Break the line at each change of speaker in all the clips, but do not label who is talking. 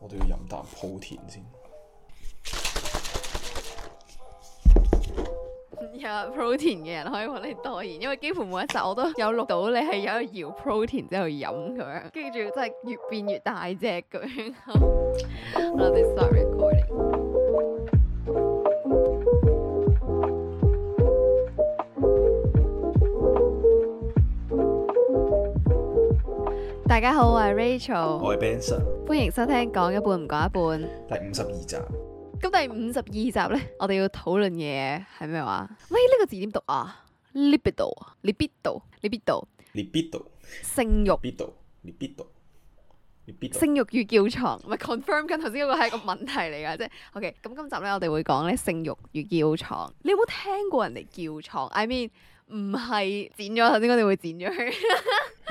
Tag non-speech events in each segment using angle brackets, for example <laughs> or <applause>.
我都要飲啖 p 田先。
有 protein 嘅人可以揾你代言，因為幾乎每一集我都有錄到你係有搖 protein 之後飲咁樣，跟住真係越變越大隻咁樣。 <laughs> s t r r e 大家好，我係 Rachel，
我係 Ben n s o。
歡迎收聽《講一半唔講一半》
第五十二集。
咁第五十二集咧，我哋要討論嘢係咩話？喂，呢個字點讀啊？libido，libido，libido，libido，性欲。
libido，libido，libido，
性欲與叫床，咪 confirm 緊頭先嗰個係一個問題嚟噶，即係 <laughs> OK。咁今集咧，我哋會講咧性欲與叫床。你有冇聽過人哋叫床？I mean，唔係剪咗，頭先我哋會剪咗去。 <laughs>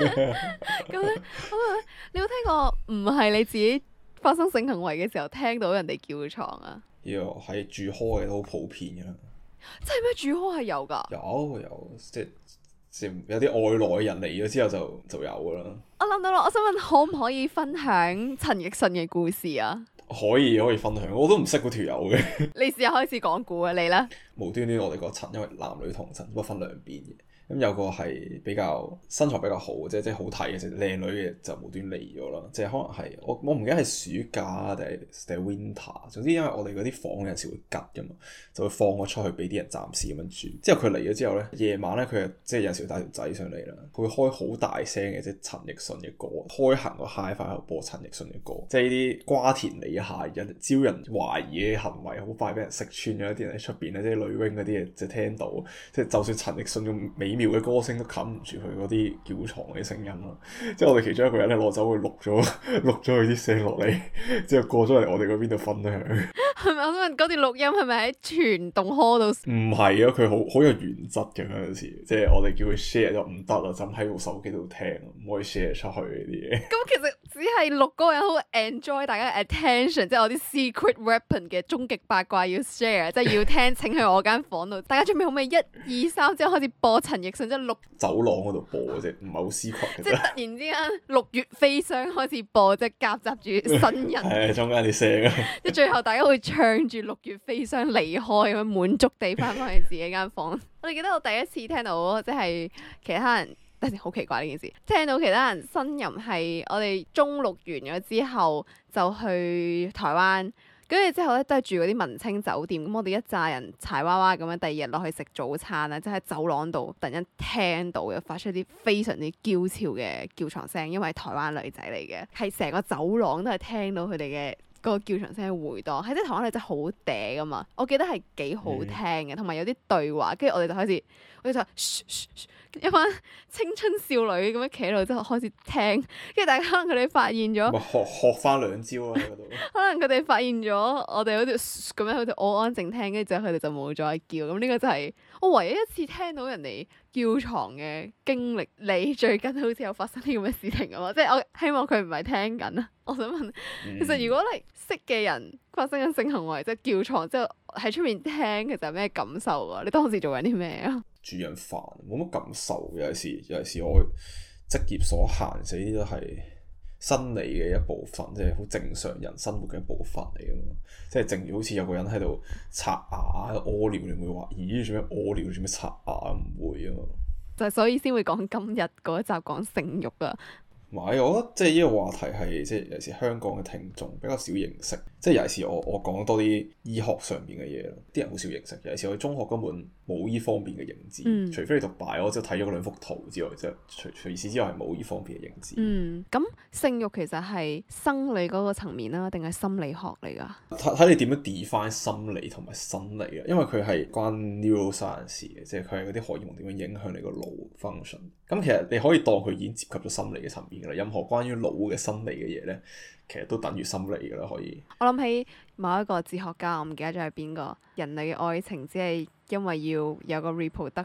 咁咧，咁 <laughs> 呢 <laughs> 你有冇聽過唔係你自己發生性行為嘅時候聽到人哋叫床啊？
呢個喺住開嘅都好普遍噶，
真係咩住開係有噶？
有有，即係有啲外來人嚟咗之後就就有噶
啦。我諗到啦，我想問可唔可以分享陳奕信嘅故事啊？
可以可以分享，我都唔識嗰條友嘅。
你試下開始講古啊你啦。
無端端我哋個層，因為男女同層都分兩邊嘅。咁有個係比較身材比較好，即係即係好睇嘅，就靚女嘅就無端嚟咗啦。即係可能係我我唔記得係暑假定係定 winter。總之因為我哋嗰啲房有時會吉噶嘛，就會放我出去俾啲人暫時咁樣住。之後佢嚟咗之後呢，夜晚呢，佢即係有時帶條仔上嚟啦，佢會開好大聲嘅即係陳奕迅嘅歌，開行個 hi-fi 喺度播陳奕迅嘅歌，即係呢啲瓜田李下人招人懷疑嘅行為，好快俾人識穿咗。一啲人喺出邊呢，即係女 wing 嗰啲就聽到，即係就算陳奕迅咁美。僥嘅歌聲都冚唔住佢嗰啲叫床嘅聲音咯，即係我哋其中一個人咧攞走去錄咗，錄咗佢啲聲落嚟，之後過咗嚟我哋嗰邊度分享。
係咪啊？我想問嗰段錄音係咪喺全棟 hall 度？
唔係啊，佢好好有原則嘅。嗰陣時，即係我哋叫佢 share 就唔得啦，就咁喺部手機度聽，唔可以 share 出去呢啲嘢。
咁其實只係錄歌人好 enjoy 大家嘅 attention，即係我啲 secret weapon 嘅終極八卦要 share，即係要聽 <laughs> 請去我間房度。大家準備好唔可以一二三之後開始播。亦甚至六
走廊嗰度播啫，唔係好私群。 <laughs> 即係突
然之間六月飛霜開始播啫，夾雜住新人，係
中間啲聲。
即係最後大家會唱住《六月飛霜》離開咁樣，滿足地翻翻去自己間房間。 <laughs> 我哋記得我第一次聽到，即係其他人，但時好奇怪呢件事，聽到其他人呻吟，係我哋中六完咗之後就去台灣。跟住之後咧，都係住嗰啲文青酒店。咁我哋一揸人柴娃娃咁樣，第二日落去食早餐啊，即喺走廊度突然間聽到嘅，發出啲非常之嬌俏嘅叫床聲，因為台灣女仔嚟嘅，係成個走廊都係聽到佢哋嘅。個叫床聲嘅回盪，係啲台灣女仔好嗲噶嘛，我記得係幾好聽嘅，同埋、嗯、有啲對話，跟住我哋就開始，我哋就噓噓噓一班青春少女咁樣企喺度，之後開始聽，跟住大家可能佢哋發現咗，
學學翻兩招喺
嗰度。 <laughs> <laughs> 可能佢哋發現咗我哋好似咁樣好似好安靜聽，跟住之後佢哋就冇再叫，咁呢個就係、是、我唯一一次聽到人哋。叫床嘅經歷，你最近好似有發生啲咁嘅事情㗎嘛？即係我希望佢唔係聽緊啊！我想問，其實如果你識嘅人發生緊性行為，嗯、即係叫床之後喺出面聽，其實係咩感受啊？你當時做緊啲咩啊？
煮緊飯，冇乜感受，有時有時我職業所限，死都係。生理嘅一、就是一部分，即係好正常人生活嘅一部分嚟㗎嘛，即係正如好似有個人喺度刷牙屙尿，你會話咦？做咩屙尿？做咩刷牙，唔會啊嘛？
就係所以先會講今日嗰一集講性欲啊。
唔係，我覺得即係呢個話題係即係有時香港嘅聽眾比較少認識。即係有時我我講多啲醫學上面嘅嘢咯，啲人好少認識。有時我中學根本冇依方面嘅認知，嗯、除非你讀 Bio，即係睇咗嗰兩幅圖之外，即係除除此之外係冇依方面嘅認知。
嗯，咁性欲其實係生理嗰個層面啦，定係心理學嚟噶？
睇你點樣 define 心理同埋生理啊？因為佢係關於 neuroscience 嘅，即係佢係嗰啲荷爾蒙點樣影響你個腦 function。咁其實你可以當佢已經涉及咗心理嘅層面啦。任何關於腦嘅心理嘅嘢咧。其實都等於心理㗎啦，可以。
我諗起某一個哲學家，我唔記得咗係邊個，人類嘅愛情只係因為要有個 reproduce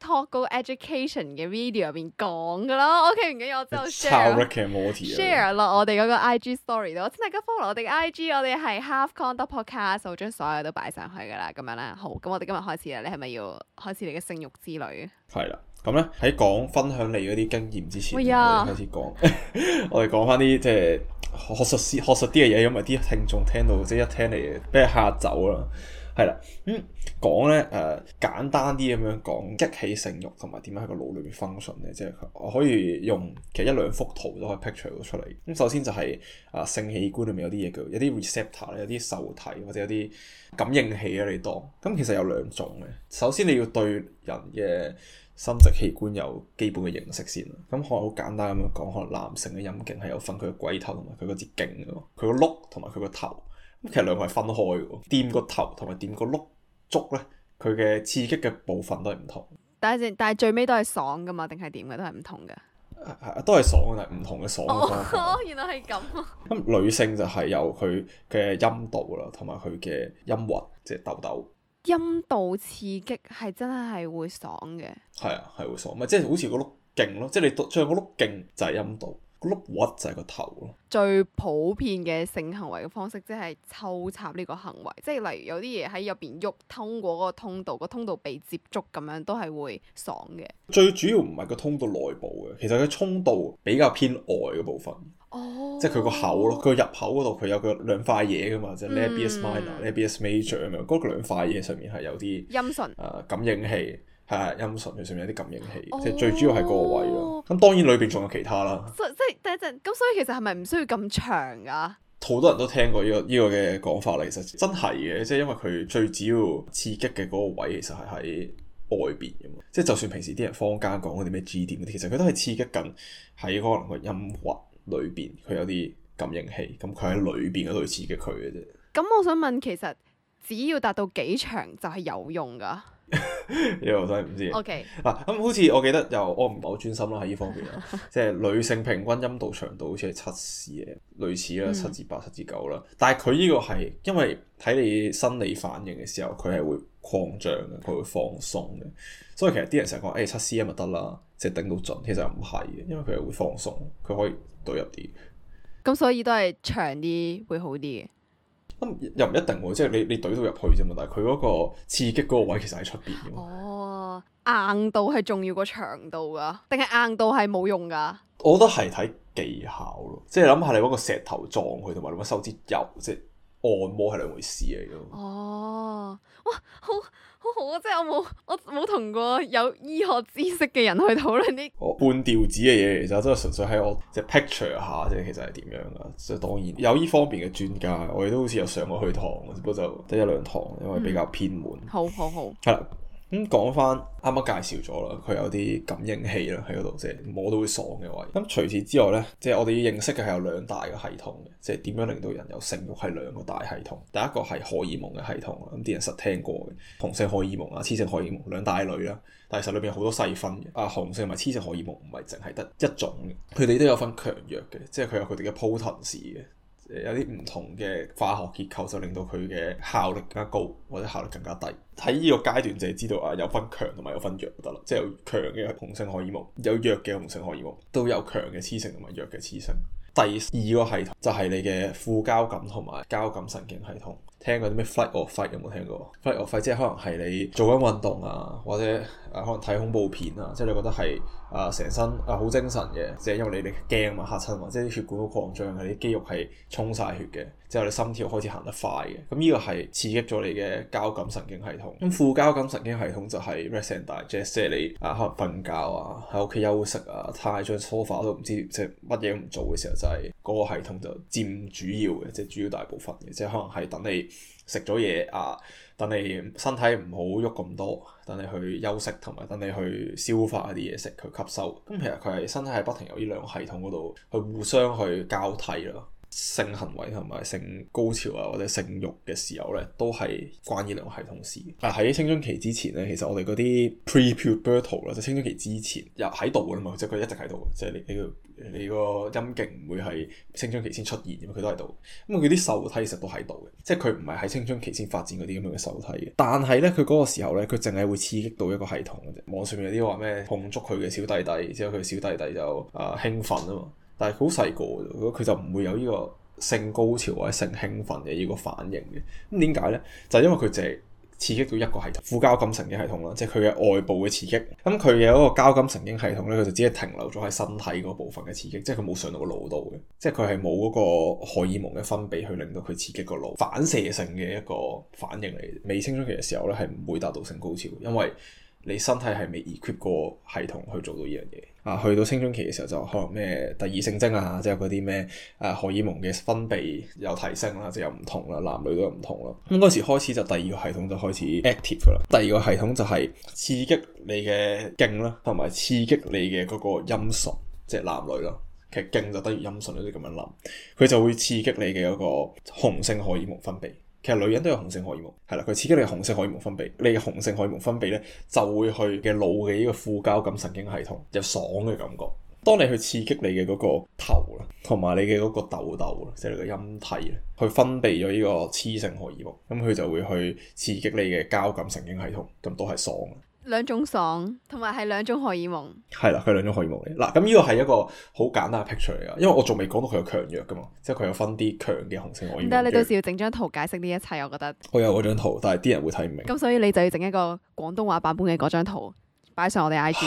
Talk education 嘅 video 入面講嘅咯，OK 唔緊要，我就 sh are,
share share
落了我哋嗰個 IG story 度，請大家 follow 我哋 IG，我哋係 Half Kong dot podcast，我將所有都擺上去嘅啦，咁樣咧，好，咁我哋今日開始啦，你係咪要開始你嘅性欲之旅？
係啦，咁咧喺講分享你嗰啲經驗之前，哎、呀開始講， <laughs> 我哋講翻啲即係學術師學術啲嘅嘢，因為啲聽眾聽到即係一聽你，俾人嚇走啦。係啦，咁講咧誒簡單啲咁樣講，激起性欲同埋點樣喺個腦裏邊 function 咧，即係可以用其實一兩幅圖都可以 picture 到出嚟。咁、嗯、首先就係、是、啊、呃、性器官裏面有啲嘢叫有啲 receptor 有啲受體或者有啲感應器啊，你當咁、嗯、其實有兩種嘅。首先你要對人嘅生殖器官有基本嘅認識先啦。咁、嗯、可能好簡單咁樣講，可能男性嘅陰莖係有份佢嘅鬼頭同埋佢嗰支莖嘅佢個碌同埋佢個頭。其實兩個係分開嘅，掂個頭同埋掂個碌足咧，佢嘅刺激嘅部分都係唔同，
但、但係但係最尾都係爽嘅嘛，定係點嘅都係唔同
嘅。都係、啊、爽嘅，唔同嘅爽。哦，
原來係咁。咁
女性就係有佢嘅陰道啦，同埋佢嘅陰核，即係豆豆。
陰道刺激係真係會爽嘅。
係啊，係會爽，咪即係好似個碌勁咯，即係你剁上個碌勁就係陰道。碌核就係個頭咯。
最普遍嘅性行為嘅方式，即係抽插呢個行為，即係例如有啲嘢喺入邊喐，通過嗰個通道，個通道被接觸咁樣都係會爽
嘅。最主要唔係個通道內部嘅，其實佢通道比較偏外嘅部分。Oh, 哦，即係佢個口咯，佢個入口嗰度佢有個兩塊嘢噶嘛，即係 labial minor、labial major 咁樣。嗰個兩塊嘢上面係有啲
陰唇啊，
感應器。係、啊，陰唇上面有啲感應器，oh。即係最主要係嗰個位咯。咁當然裏邊仲有其他啦。
即即係第一陣，咁所以其實係咪唔需要咁長噶啊？
好多人都聽過呢，這個呢、這個嘅講法啦。其實真係嘅，即係因為佢最主要刺激嘅嗰個位，其實係喺外邊咁啊。即係就算平時啲人坊間講嗰啲咩 G 點，其實佢都係刺激緊喺可能個陰核裏邊，佢有啲感應器。咁佢喺裏邊度刺激佢嘅啫。
咁我想問，其實只要達到幾長就係有用噶？
呢 <laughs> 我真係唔知。O K 嗱咁，好似我記得又我唔係好專心啦喺呢方面啦， <laughs> 即係女性平均陰道長度好似係七 C 嘅，類似啦，七至八、七至九啦。嗯，但係佢呢個係因為睇你生理反應嘅時候，佢係會擴張嘅，佢會放鬆嘅。所以其實啲人成日講誒七 C M 咪得啦，即係頂到盡，其實唔係嘅，因為佢係會放鬆，佢可以對入啲。
咁所以都係長啲會好啲嘅。咁又
唔一定喎，即係你你懟到入去啫嘛，但係佢嗰個刺激嗰個位其實喺出邊嘅哦，
硬度係重要過長度噶，定係硬度係冇用噶？
我覺得係睇技巧咯，即係諗下你揾個石頭撞佢，同埋你揾手指油。即。按摩係兩回事嚟咯。哦，哇，
好好好啊！即係我冇，我冇同過有醫學知識嘅人去討論啲
半吊子嘅嘢，其實真係純粹喺我即係 picture 下，啫，其實係點樣噶？所以當然有呢方面嘅專家，我哋都好似有上過去堂，只不過就得一兩堂，因為比較偏門。好好、嗯、好。係。咁講翻啱啱介紹咗啦，佢有啲感應器啦喺嗰度，即係摸到會爽嘅位。咁除此之外咧，即係我哋要認識嘅係有兩大嘅系統嘅，即係點樣令到人有性欲？係兩個大系統。第一個係荷爾蒙嘅系統。咁啲人實聽過嘅雄性荷爾蒙啊、雌性荷爾蒙兩大類啦，但係其實裏邊好多細分嘅啊，雄性同埋雌性荷爾蒙唔係淨係得一種嘅，佢哋都有分強弱嘅，即係佢有佢哋嘅 potency 嘅。有啲唔同嘅化學結構就令到佢嘅效力更加高或者效力更加低。喺呢個階段就係知道啊，有分強同埋有分弱就得啦。即係有強嘅雄性荷爾蒙，有弱嘅雄性荷爾蒙，都有強嘅雌性同埋弱嘅雌性。第二個系統就係你嘅副交感同埋交感神經系統。聽過啲咩 fight or flight 有冇聽過？fight or flight 即係可能係你做緊運動啊，或者～誒可能睇恐怖片啊，即係你覺得係誒成身誒好、呃、精神嘅，即係因為你哋驚嘛，嚇親嘛，即係啲血管好擴張，係啲肌肉係充晒血嘅，之後你心跳開始行得快嘅，咁呢個係刺激咗你嘅交感神經系統。咁、嗯、副交感神經系統就係 rest and digest，即係你啊可能瞓覺啊喺屋企休息啊，太著 sofa 都唔知即係乜嘢都唔做嘅時候，就係、是、嗰個系統就佔主要嘅，即係主要大部分嘅，即係可能係等你。食咗嘢啊，等你身體唔好喐咁多，等你去休息同埋等你去消化一啲嘢食去吸收。咁，嗯，其實佢係身體係不停由呢兩個系統嗰度去互相去交替咯。性行為同埋性高潮啊或者性欲嘅時候呢，都係關呢兩個系統事。啊喺青春期之前呢，其實我哋嗰啲 prepubertal 啦，to，就青春期之前又喺度噶啦嘛，即係佢一直喺度即係你要。就是你個陰莖唔會係青春期先出現嘅，佢都喺度。咁佢啲受體其實都喺度嘅，即係佢唔係喺青春期先發展嗰啲咁樣嘅受體嘅。但係咧，佢嗰個時候咧，佢淨係會刺激到一個系統嘅啫。網上面有啲話咩碰觸佢嘅小弟弟之後，佢小弟弟就啊興奮啊嘛。但係好細個，佢就唔會有呢個性高潮或者性興奮嘅呢個反應嘅。咁點解咧？就係因為佢淨係。刺激到一個系統，副交感神經系統啦，即係佢嘅外部嘅刺激。咁佢嘅一個交感神經系統呢，佢就只係停留咗喺身體嗰部分嘅刺激，即係佢冇上到個腦度嘅，即係佢係冇嗰個荷爾蒙嘅分泌去令到佢刺激個腦，反射性嘅一個反應嚟。未青春期嘅時候呢，係唔會達到性高潮，因為。你身體係未 equip 過系統去做到呢樣嘢啊？去到青春期嘅時候就可能咩第二性徵啊，即係嗰啲咩誒荷爾蒙嘅分泌有提升啦，即係有唔同啦，男女都有唔同啦。咁嗰、嗯、時開始就第二個系統就開始 active 噶啦。第二個系統就係刺激你嘅莖啦，同埋刺激你嘅嗰個陰唇，即係男女咯。其實莖就等於陰唇你都咁樣諗，佢就會刺激你嘅嗰個雄性荷爾蒙分泌。其實女人都有雄性荷爾蒙，係啦，佢刺激你嘅雄性荷爾蒙分泌，你嘅雄性荷爾蒙分泌呢，就會去嘅腦嘅呢個副交感神經系統有爽嘅感覺。當你去刺激你嘅嗰個頭啦，同埋你嘅嗰個痘痘，即係你嘅陰蒂去分泌咗呢個雌性荷爾蒙，咁佢就會去刺激你嘅交感神經系統，咁都係爽的。
兩種爽，同埋係兩種荷爾蒙，
係啦，佢係兩種荷爾蒙嚟。嗱，咁呢個係一個好簡單嘅 picture 嚟噶，因為我仲未講到佢有強弱噶嘛，即係佢有分啲強嘅雄性荷爾蒙。唔得，你到時要
整張圖解釋呢一切，我覺得。
我有嗰張圖，但係啲人會睇唔明。咁
所以你就要整一個廣東話版本嘅嗰張圖，擺上我哋 I G。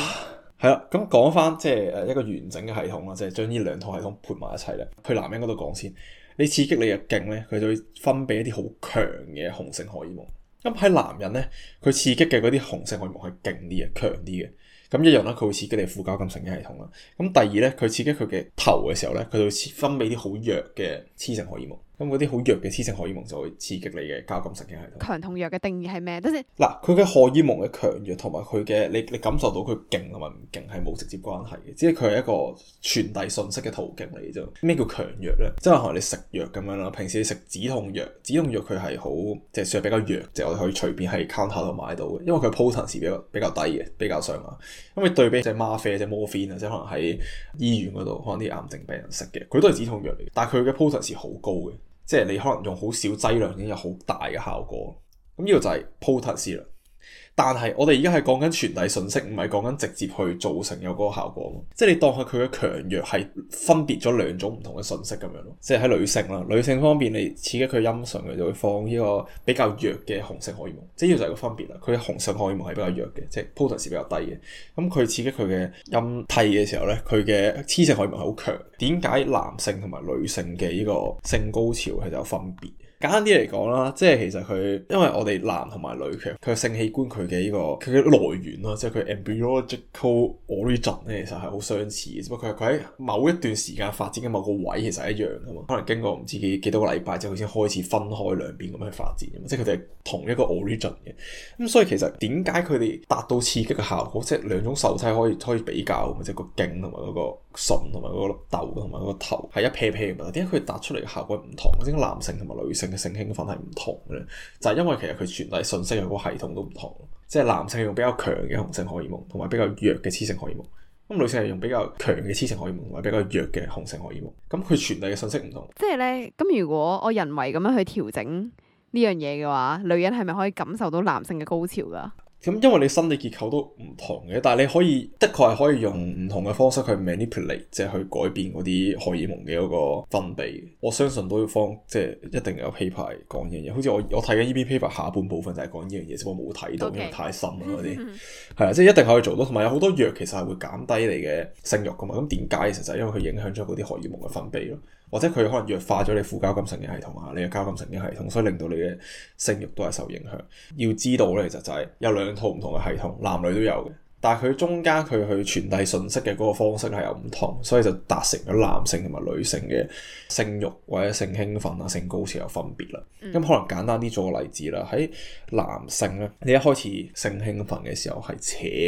係
啦， <laughs> 咁講翻即係誒一個完整嘅系統啦，就係將呢兩套系統配埋一齊咧。去男人嗰度講先，你刺激你又勁咧，佢就會分泌一啲好強嘅雄性荷爾蒙。咁喺、嗯、男人呢，佢刺激嘅嗰啲雄性荷爾蒙係勁啲嘅，強啲嘅。咁一樣啦，佢會刺激你副交感神經系統啦。咁、嗯、第二呢，佢刺激佢嘅頭嘅時候咧，佢會分泌啲好弱嘅雌性荷爾蒙。咁嗰啲好弱嘅雌性荷爾蒙就會刺激你嘅交感神經系統。強
痛藥嘅定義係咩？
嗱，佢嘅荷爾蒙嘅強弱同埋佢嘅你你感受到佢勁同埋唔勁係冇直接關係嘅，只係佢係一個傳遞信息嘅途徑嚟啫。咩叫強弱咧？即係可能你食藥咁樣啦，平時你食止痛藥，止痛藥佢係好即係算係比較弱，即係我哋可以隨便喺 counter 度買到嘅，因為佢嘅 potency 比較比較低嘅比較上啊。因為對比只係 morphine 啊，即係可能喺醫院嗰度可能啲癌症病人食嘅，佢都係止痛藥嚟嘅，但係佢嘅 potency 好高嘅。即係你可能用好少劑量已經有好大嘅效果，咁呢個就係 potency 啦。但係我哋而家係講緊傳遞信息，唔係講緊直接去造成有嗰個效果咯。即係你當下佢嘅強弱係分別咗兩種唔同嘅信息咁樣咯。即係喺女性啦，女性方面你刺激佢陰唇，佢就會放呢個比較弱嘅紅色荷爾蒙。即呢個就係個分別啦。佢嘅紅色荷爾蒙係比較弱嘅，即係 potency 比較低嘅。咁佢刺激佢嘅陰蒂嘅時候咧，佢嘅雌性荷爾蒙係好強。點解男性同埋女性嘅呢個性高潮係有分別？簡單啲嚟講啦，即係其實佢，因為我哋男同埋女嘅佢性器官佢嘅呢個佢嘅來源咯，即係佢 embryological origin 咧，其實係好相似嘅，只不過佢佢喺某一段時間發展嘅某個位其實係一樣噶嘛，可能經過唔知幾幾多個禮拜之後，佢先開始分開兩邊咁樣去發展，即係佢哋係同一個 origin 嘅。咁所以其實點解佢哋達到刺激嘅效果，即係兩種受體可以可以比較，即係個勁同埋嗰個。唇同埋嗰粒豆同埋嗰個頭係一撇撇嘅問題。點解佢，達出嚟嘅效果唔同？即係男性同埋女性嘅性興奮係唔同嘅，就係因為其實佢傳遞信息有個系統都唔同。即係男性用比較強嘅雄性荷爾蒙，同埋比較弱嘅雌性荷爾蒙；咁女性係用比較強嘅雌性荷爾蒙，同埋比較弱嘅雄性荷爾蒙。咁佢傳遞嘅信息唔同。
即係咧，咁如果我人為咁樣去調整呢樣嘢嘅話，女人係咪可以感受到男性嘅高潮噶？
咁因為你生理結構都唔同嘅，但係你可以，的確係可以用唔同嘅方式去 manipulate，即係去改變嗰啲荷爾蒙嘅嗰個分泌。我相信都要方，即係一定有 paper 講呢樣嘢。好似我我睇緊呢篇 paper 下半部分就係講呢樣嘢，只不過冇睇到，因為太深啦嗰啲。係啊
Okay.
<laughs> 即係一定可以做到，同埋有好多藥其實係會減低你嘅性欲噶嘛。咁點解其實就係因為佢影響咗嗰啲荷爾蒙嘅分泌咯。或者佢可能弱化咗你副交感神經系統啊，你嘅交感神經系統，所以令到你嘅性欲都係受影響。要知道咧，其實就係有兩套唔同嘅系統，男女都有嘅。但係佢中間佢去傳遞信息嘅嗰個方式係有唔同，所以就達成咗男性同埋女性嘅性欲或者性興奮啊性高潮有分別啦。咁、嗯嗯、可能簡單啲做個例子啦，喺男性咧，你一開始性興奮嘅時候係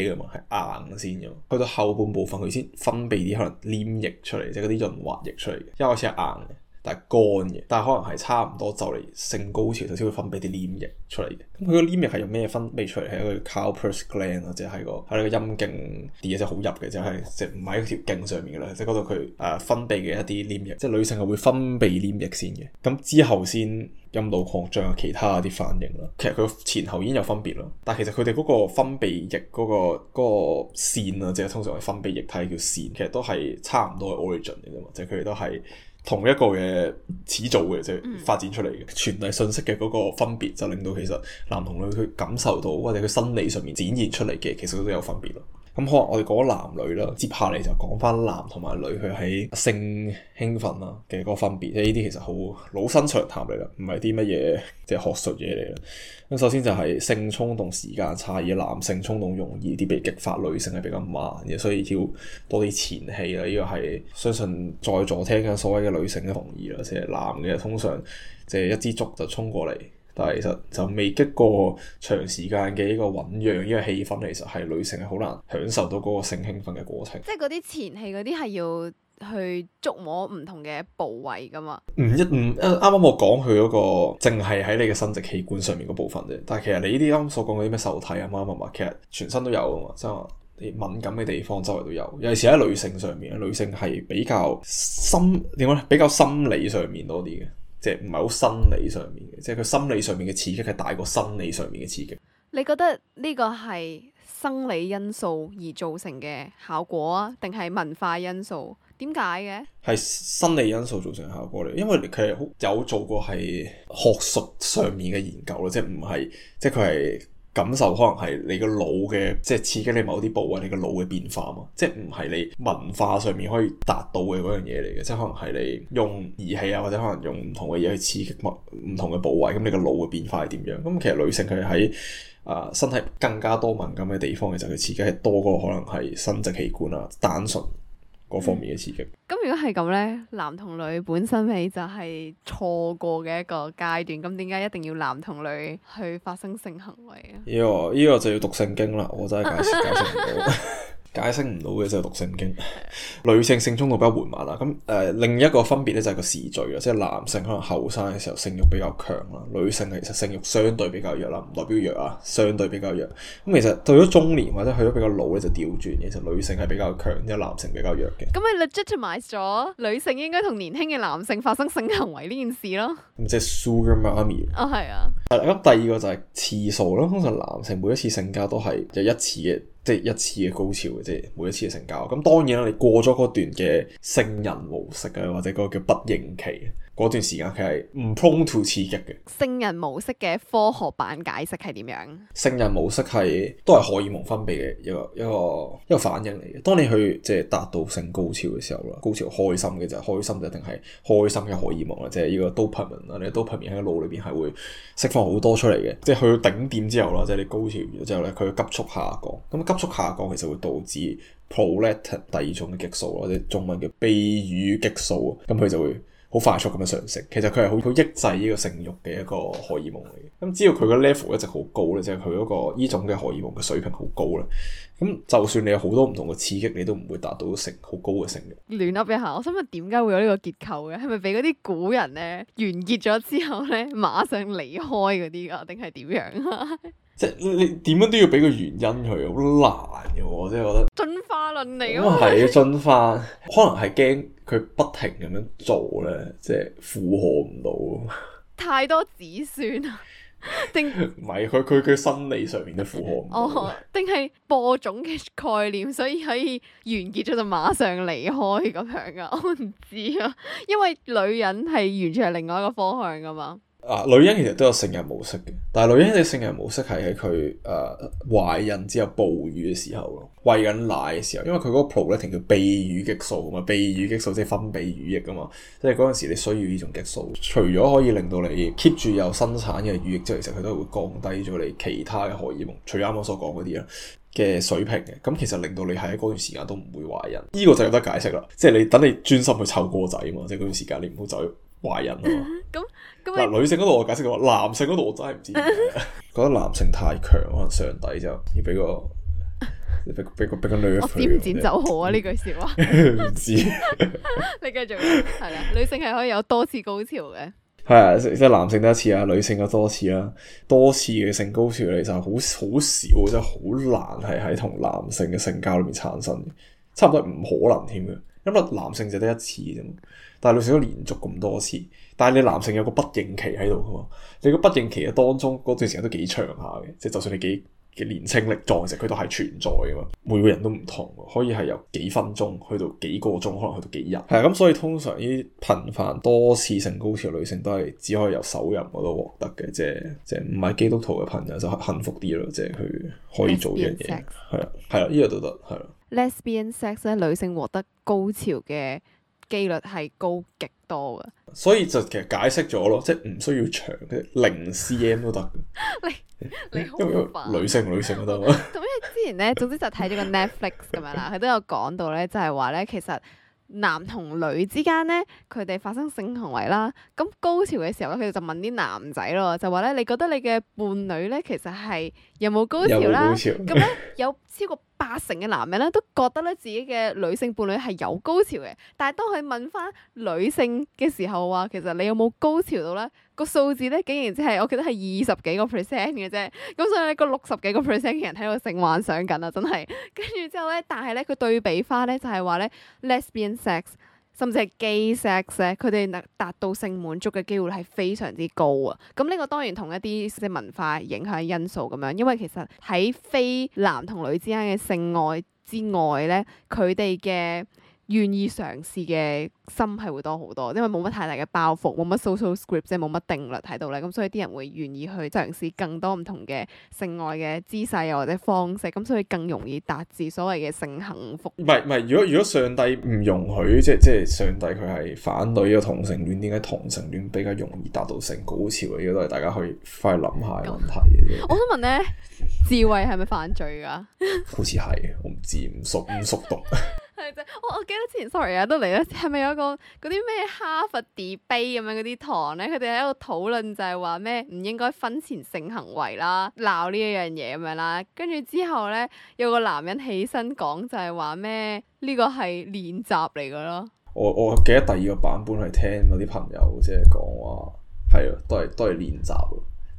扯噶嘛，係硬先嘅，去到後半部分佢先分泌啲可能黏液出嚟，即係嗰啲潤滑液出嚟，一開始係硬嘅。但係乾嘅，但係可能係差唔多就嚟性高潮，首先會分泌啲黏液出嚟嘅。咁佢個黏液係用咩分泌出嚟？係一個 Cowper's gland 啊，即係、嗰個喺你個陰莖，啲嘢就好入嘅，就係即係唔喺條莖上面嘅啦，即係嗰度佢誒分泌嘅一啲黏液。即係女性係會分泌黏液先嘅，咁之後先陰道擴張啊，其他啲反應啦。其實佢前後已經有分別啦，但係其實佢哋嗰個分泌液嗰個嗰個腺啊，即係通常係分泌液體叫腺，其實都係差唔多嘅 origin 嘅啫嘛，即係佢哋都係。同一個嘅始祖嘅，即係發展出嚟嘅傳遞信息嘅嗰個分別，就令到其實男同女去感受到或者佢生理上面展現出嚟嘅，其實都有分別咯。咁可能我哋講男女啦，接下嚟就講翻男同埋女佢喺性興奮啊嘅個分別，即係呢啲其實好老生常談嚟㗎，唔係啲乜嘢即係學術嘢嚟啦。咁首先就係性衝動時間差，而男性衝動容易啲被激發，女性係比較慢嘅，所以要多啲前戲啦。呢、呢個係相信在座聽緊所謂嘅女性都同意啦，即係男嘅通常即係一支竹就衝過嚟。但係其實就未激過長時間嘅呢個醞釀，因為氣氛其實係女性係好難享受到嗰個性興奮嘅過程。即
係嗰啲前戲嗰啲係要去觸摸唔同嘅部位㗎嘛。唔
一唔啱啱我講佢嗰個，淨係喺你嘅生殖器官上面嗰部分啫。但係其實你呢啲啱啱所講嗰啲咩受體啊，乜乜乜，其實全身都有啊嘛。即係話啲敏感嘅地方周圍都有。尤其是喺女性上面，女性係比較心點講咧？比較心理上面多啲嘅。即係唔係好生理上面嘅，即係佢心理上面嘅刺激係大過生理上面嘅刺激。
你覺得呢個係生理因素而造成嘅效果啊，定係文化因素？點解嘅？
係生理因素造成效果嚟，因為佢有做過係學術上面嘅研究咯，即係唔係，即係佢係。感受可能係你個腦嘅，即係刺激你某啲部位，你個腦嘅變化嘛，即係唔係你文化上面可以達到嘅嗰樣嘢嚟嘅，即係可能係你用儀器啊，或者可能用唔同嘅嘢去刺激某唔同嘅部位，咁你個腦嘅變化係點樣？咁其實女性佢喺身體更加多敏感嘅地方其實佢刺激係多過可能係生殖器官啦、啊、單純。嗰方面嘅刺激。
咁、嗯、如果係咁咧，男同女本身你就係錯過嘅一個階段，咁點解一定要男同女去發生性行為
啊？呢、這個呢、這個就要讀聖經啦，我真係解釋解釋唔到。 <laughs> <laughs> 解釋唔到嘅就係、是、讀聖經。 <laughs> 女性性衝動比較緩慢啦，咁誒、呃、另一個分別咧就係、是、個時序啊，即係男性可能後生嘅時候性欲比較強啦，女性其實性欲相對比較弱啦，唔代表弱啊，相對比較弱。咁其實到咗中年或者去咗比較老咧就調、是、轉，其實女性係比較強，而男性比較弱嘅。
咁咪 legitimize 咗女性應該同年輕嘅男性發生性行為呢件事咯？
咁即係 sugar mommy 啊，係啊。係啦，咁第二個就係次數咯，通常男性每一次性交都係就一次嘅。即係一次嘅高潮即係，每一次嘅性交。咁當然啦，你過咗嗰段嘅聖人模式啊，或者嗰個叫不應期。嗰段時間佢係唔 prone to 刺激嘅。
聖人模式嘅科學版解釋係點樣？
聖人模式係都係荷爾蒙分泌嘅一個一個一個反應嚟嘅。當你去即係、就是、達到性高潮嘅時候啦，高潮開心嘅就係開心就一定係開心嘅荷爾蒙啦，即係依個 dopamine 啊，你 dopamine 喺腦裏邊係會釋放好多出嚟嘅。即係去到頂點之後啦，即、就、係、是、你高潮完之後咧，佢急速下降。咁急速下降其實會導致 prolactin 第二種嘅激素，或者中文叫泌乳激素。咁佢就會好快速咁樣上升，其實佢係好好抑制呢個性欲嘅一個荷爾蒙嚟嘅。咁、嗯、只要佢個 level 一直好高咧，即係佢嗰個呢種嘅荷爾蒙嘅水平好高咧，咁、嗯、就算你有好多唔同嘅刺激，你都唔會達到性好高嘅性欲。
亂噏一下，我想問點解會有呢個結構嘅？係咪俾嗰啲古人咧完結咗之後咧，馬上離開嗰啲㗎？定係點樣？ <laughs>
即係你點樣都要俾個原因佢，好難嘅，我真係覺得進
化論嚟嘅。咁啊係，進
化可能係驚佢不停咁樣做咧，即係負荷唔到。
太多子孫啊？定唔
係佢佢佢心理上面都負荷唔
到？哦，定係播種嘅概念，所以可以完結咗就馬上離開咁樣噶？我唔知啊，因為女人係完全係另外一個方向噶嘛。
啊，女人其實都有性欲模式嘅，但係女人嘅性欲模式係喺佢誒懷孕之後哺乳嘅時候咯，餵緊奶嘅時候，因為佢嗰個 pro 咧停叫泌乳激素啊嘛，泌乳激素即係分泌乳液啊嘛，即係嗰陣時你需要呢種激素，除咗可以令到你 keep 住有生產嘅乳液之外，其實佢都係會降低咗你其他嘅荷爾蒙，除啱啱所講嗰啲啦嘅水平嘅，咁其實令到你喺嗰段時間都唔會懷孕，呢、呢個就有得解釋啦，即係你等你專心去湊個仔啊嘛，即係嗰段時間你唔好走。壞人
咯，
咁嗱、嗯嗯嗯嗯、女性嗰度我解釋過，男性嗰度我真係唔知， <laughs> 覺得男性太強，可能上帝就要俾個，俾個俾個女嘅。我尖就
好啊，呢句說話
唔知道，
<laughs> <laughs> 你繼續係啦，女性係可以有多次高潮嘅，
係啊，即係男性得一次啊，女性有多次啦，多次嘅性高潮嚟就好好少，真係好難係喺同男性嘅性交裡面產生，差唔多係唔可能添嘅，因為男性就得一次啫。但係女性都連續咁多次，但係你男性有個不應期喺度㗎嘛。你個不應期嘅當中嗰段時間都幾長下嘅，即係就算你幾幾年青力壯時，佢都係存在㗎嘛。每個人都唔同，可以係由幾分鐘去到幾個鐘，可能去到幾日。係啊，咁所以通常呢啲頻繁多次性高潮女性都係只可以由手淫嗰度獲得嘅，即係即係唔係基督徒嘅朋友就幸福啲咯，即係佢可以做呢樣嘢。係啊 bian，係啦，這個、呢個都得，係啦。
Lesbian sex 咧，女性獲得高潮嘅。機率係高極多嘅，
所以就其實解釋咗咯，即係唔需要長嘅零 CM 都得 <laughs> 你你女性女性都得。咁
因為之前咧，總之就睇咗個 Netflix 咁樣啦，佢 <laughs> 都有講到咧，就係話咧，其實。男同女之間咧，佢哋發生性行為啦，咁高潮嘅時候咧，佢哋就問啲男仔咯，就話咧，你覺得你嘅伴侶咧，其實係有冇高潮啦？咁咧高， <laughs> 有超過八成嘅男人咧，都覺得咧自己嘅女性伴侶係有高潮嘅，但係當佢問翻女性嘅時候話，其實你有冇高潮到咧？個數字咧，竟然只、就、係、是、我記得係二十幾個 percent 嘅啫，咁、嗯、所以咧，個六十幾個 percent 嘅人喺度性幻想緊啊，真係。跟住之後咧，但係咧佢對比翻咧就係、是、話咧 <music> lesbian sex 甚至係 gay sex 咧，佢哋達達到性滿足嘅機會係非常之高啊。咁呢個當然同一啲即係文化影響因素咁樣，因為其實喺非男同女之間嘅性愛之外咧，佢哋嘅。願意嘗試嘅心係會多好多，因為冇乜太大嘅包袱，冇乜 social script 即係冇乜定律睇到咧，咁所以啲人會願意去嘗試更多唔同嘅性愛嘅姿勢又或者方式，咁所以更容易達至所謂嘅性幸
福。唔係唔係，如果如果上帝唔容許，即係即係上帝佢係反對呢個同性戀，點解同性戀比較容易達到性高潮好似喎？呢個都係大家可以返去諗下嘅問題嘅啫。 <laughs> 我
想問咧，自慰係咪犯罪噶？
好似係，我唔知唔熟唔熟讀。 <laughs>
係我、哦、我記得之前，sorry 啊，都嚟咗，係咪有個嗰啲咩哈佛 debate 咁樣嗰啲堂咧？佢哋喺度討論就係話咩唔應該婚前性行為啦，鬧呢一樣嘢咁樣啦。跟住之後咧，有個男人起身講就係話咩呢個係練習嚟噶咯。
我我記得第二個版本係聽我啲朋友即係講話，係、啊、咯，都係都係練習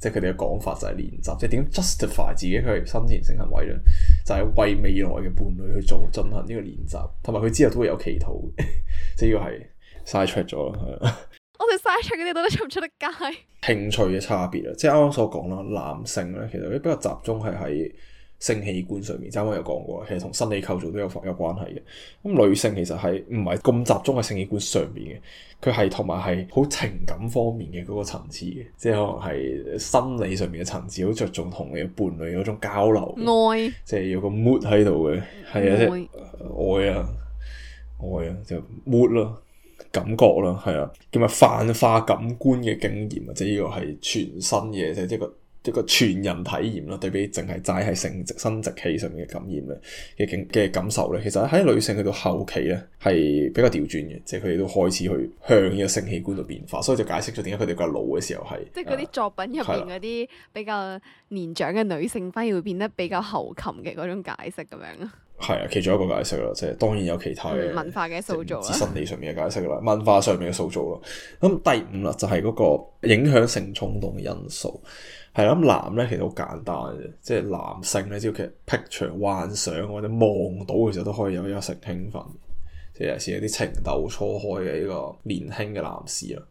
即係佢哋嘅講法就係練習，即係點 justify 自己佢哋婚前性行為啫。就係為未來嘅伴侶去做進行呢個練習，同埋佢之後都會有祈禱，只要係晒出咗咯，係
<laughs> 我哋晒出嘅到底出唔出得街？
<laughs> 興趣嘅差別啊，即係啱啱所講啦，男性咧其實比較集中係喺。性器官上面，啱啱有講過，其實同生理構造都有有關係嘅。咁女性其實係唔係咁集中喺性器官上面嘅，佢係同埋係好情感方面嘅嗰、嗰個層次嘅，即係可能係心理上面嘅層次，好着重同你嘅伴侶嗰種交流，愛即係有個 mood 喺度嘅，係愛啊，即係愛啊，愛啊，就是、mood 咯，感覺啦，係啊，叫咪泛化感官嘅經驗啊，即係呢個係全新嘢，即係一個。一個全人體驗咯，對比淨係齋喺生殖生殖器上面嘅感染咧嘅感嘅感受咧，其實喺女性去到後期咧係比較掉轉嘅，即係佢哋都開始去向呢個性器官度變化，所以就解釋咗點解佢哋個老嘅時候係即係嗰啲
作品入邊嗰啲比較年長嘅女性反而會變得比較猴擒嘅嗰種解釋咁樣啊。
係啊，其中一個解釋啦，即係當然有其他嘅文化
嘅塑造啦，生理
上面嘅解釋啦，文化上面嘅塑造啦。咁第五啦，就係、是、嗰個影響性衝動嘅因素係啦。咁男咧其實好簡單嘅，即係男性咧只要其實 picture 幻想、或者望到嘅時候都可以有一個性興奮，即係似一啲情竇初開嘅呢個年輕嘅男士啦。